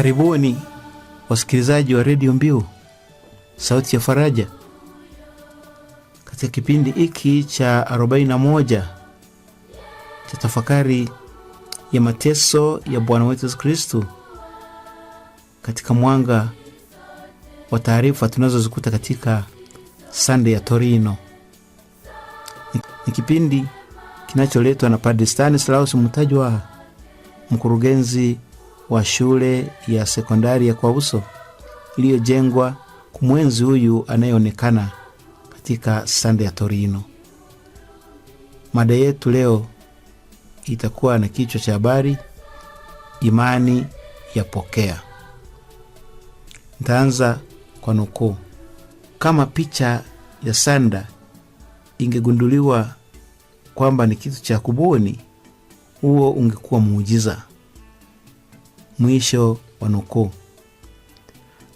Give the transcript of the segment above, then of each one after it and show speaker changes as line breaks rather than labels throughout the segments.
Karibuni wasikilizaji wa redio Mbiu, sauti ya faraja, katika kipindi hiki cha 41 cha tafakari ya mateso ya Bwana wetu Yesu Kristu katika mwanga wa taarifa tunazozikuta katika sande ya Torino. Ni kipindi kinacholetwa na Padre Stanislaus Mutajwaha, mkurugenzi wa shule ya sekondari ya KWAUSO iliyojengwa kumwenzi huyu anayeonekana katika sanda ya Torino. Mada yetu leo itakuwa na kichwa cha habari imani ya pokea. Nitaanza kwa nukuu: kama picha ya sanda ingegunduliwa kwamba ni kitu cha kubuni, huo ungekuwa muujiza. Mwisho wa nukuu.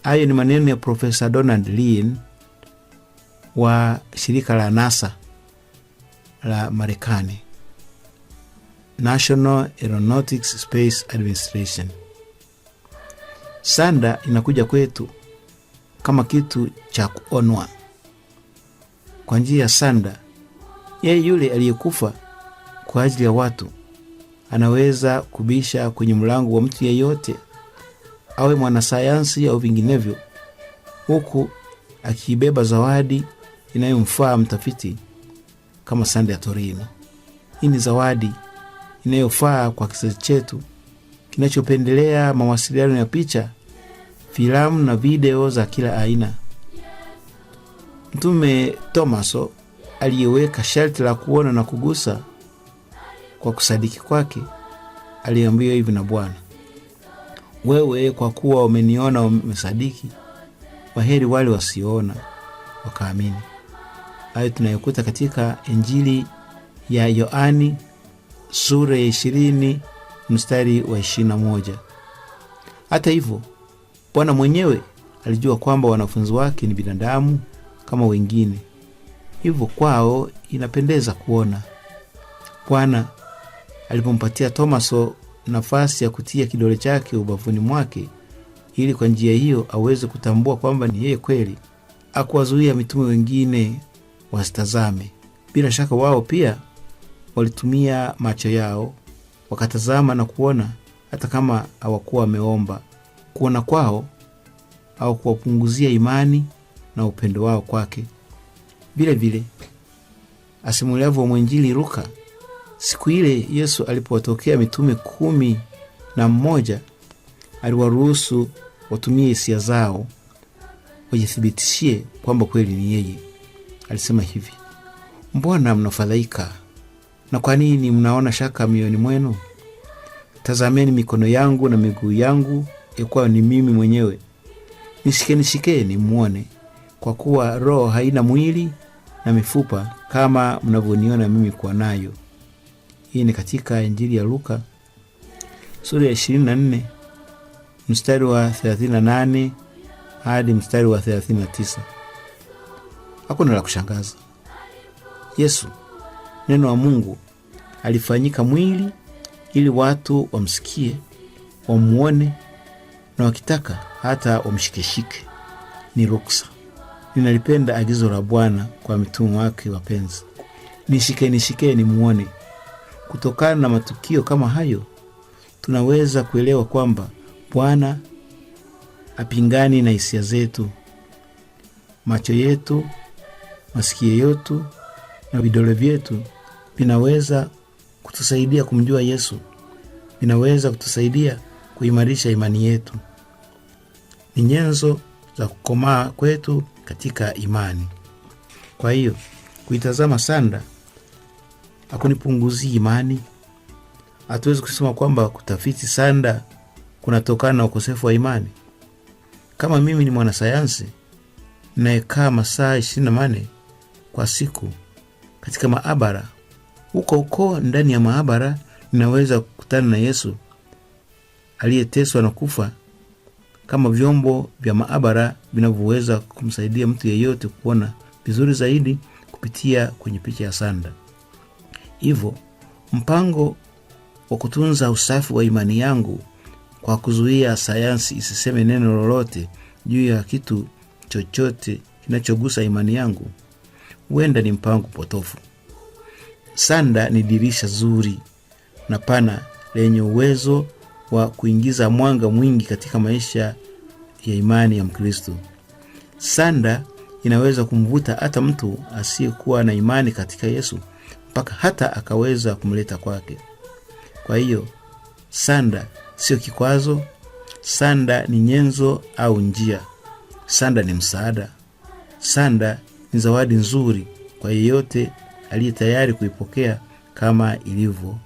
Hayo ni maneno ya Profesa Donald Lin wa shirika la NASA la Marekani, National Aeronautics Space Administration. Sanda inakuja kwetu kama kitu cha kuonwa. Kwa njia ya sanda, yeye yule aliyekufa kwa ajili ya watu anaweza kubisha kwenye mlango wa mtu yeyote, awe mwanasayansi au vinginevyo, huku akiibeba zawadi inayomfaa mtafiti kama sande ya Torino. Hii ni zawadi inayofaa kwa kizazi chetu kinachopendelea mawasiliano ya picha, filamu na video za kila aina. Mtume Tomaso aliyeweka sharti la kuona na kugusa kwa kusadiki kwake aliambiwa hivi na Bwana, wewe kwa kuwa wameniona umesadiki, waheri wale wasioona wakaamini. Hayo tunayokuta katika Injili ya Yohani sura ya ishirini mstari wa ishirini na moja. Hata hivyo, Bwana mwenyewe alijua kwamba wanafunzi wake ni binadamu kama wengine, hivyo kwao inapendeza kuona Bwana alipompatia Tomaso nafasi ya kutia kidole chake ubavuni mwake ili kwa njia hiyo aweze kutambua kwamba ni yeye kweli. Akuwazuia mitume wengine wasitazame. Bila shaka wao pia walitumia macho yao wakatazama na kuona, hata kama hawakuwa wameomba. Kuona kwao au kuwapunguzia imani na upendo wao kwake. Vilevile asimuliavyo mwenjili Luka Siku ile Yesu alipowatokea mitume kumi na mmoja aliwaruhusu watumie hisia zao wajithibitishie kwamba kweli ni yeye. Alisema hivi, mbona mnafadhaika na kwa nini mnaona shaka mioyoni mwenu? Tazameni mikono yangu na miguu yangu, yakuwa ni mimi mwenyewe. Nishikeni shikeni muone, kwa kuwa roho haina mwili na mifupa kama mnavyoniona mimi kuwa nayo. Hii ni katika Injili ya Luka sura ya 24 mstari wa 38 hadi mstari wa 39. Hakuna la kushangaza. Yesu neno wa Mungu alifanyika mwili ili watu wamsikie, wamuone na wakitaka hata wamshikeshike. Ni ruksa. Ninalipenda agizo la Bwana kwa mitumu wake wapenzi, nishike nishike, nimuone Kutokana na matukio kama hayo, tunaweza kuelewa kwamba Bwana apingani na hisia zetu, macho yetu, masikio yetu na vidole vyetu vinaweza kutusaidia kumjua Yesu, vinaweza kutusaidia kuimarisha imani yetu. Ni nyenzo za kukomaa kwetu katika imani. Kwa hiyo kuitazama sanda hakunipunguzi imani. Hatuwezi kusema kwamba kutafiti sanda kunatokana na ukosefu wa imani. Kama mimi ni mwanasayansi nayekaa masaa ishirini na mane kwa siku katika maabara, huko huko ndani ya maabara ninaweza kukutana na Yesu aliyeteswa na kufa, kama vyombo vya maabara vinavyoweza kumsaidia mtu yeyote kuona vizuri zaidi kupitia kwenye picha ya sanda. Hivyo mpango wa kutunza usafi wa imani yangu kwa kuzuia sayansi isiseme neno lolote juu ya kitu chochote kinachogusa imani yangu huenda ni mpango potofu. Sanda ni dirisha zuri na pana lenye uwezo wa kuingiza mwanga mwingi katika maisha ya imani ya Mkristo. Sanda inaweza kumvuta hata mtu asiyekuwa na imani katika Yesu mpaka hata akaweza kumleta kwake. Kwa hiyo sanda sio kikwazo, sanda ni nyenzo au njia, sanda ni msaada, sanda ni zawadi nzuri kwa yeyote aliye tayari kuipokea kama ilivyo,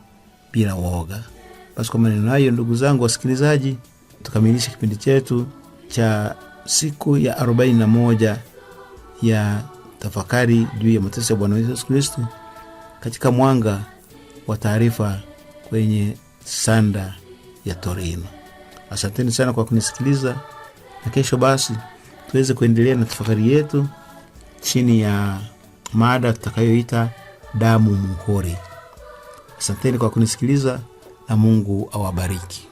bila woga. Basi kwa maneno hayo, ndugu zangu wasikilizaji, tukamilisha kipindi chetu cha siku ya 41 ya tafakari juu ya mateso ya Bwana Yesu Kristo katika mwanga wa taarifa kwenye sanda ya Torino. Asanteni sana kwa kunisikiliza, na kesho basi tuweze kuendelea na tafakari yetu chini ya mada tutakayoita damu muhuri. Asanteni kwa kunisikiliza na Mungu awabariki.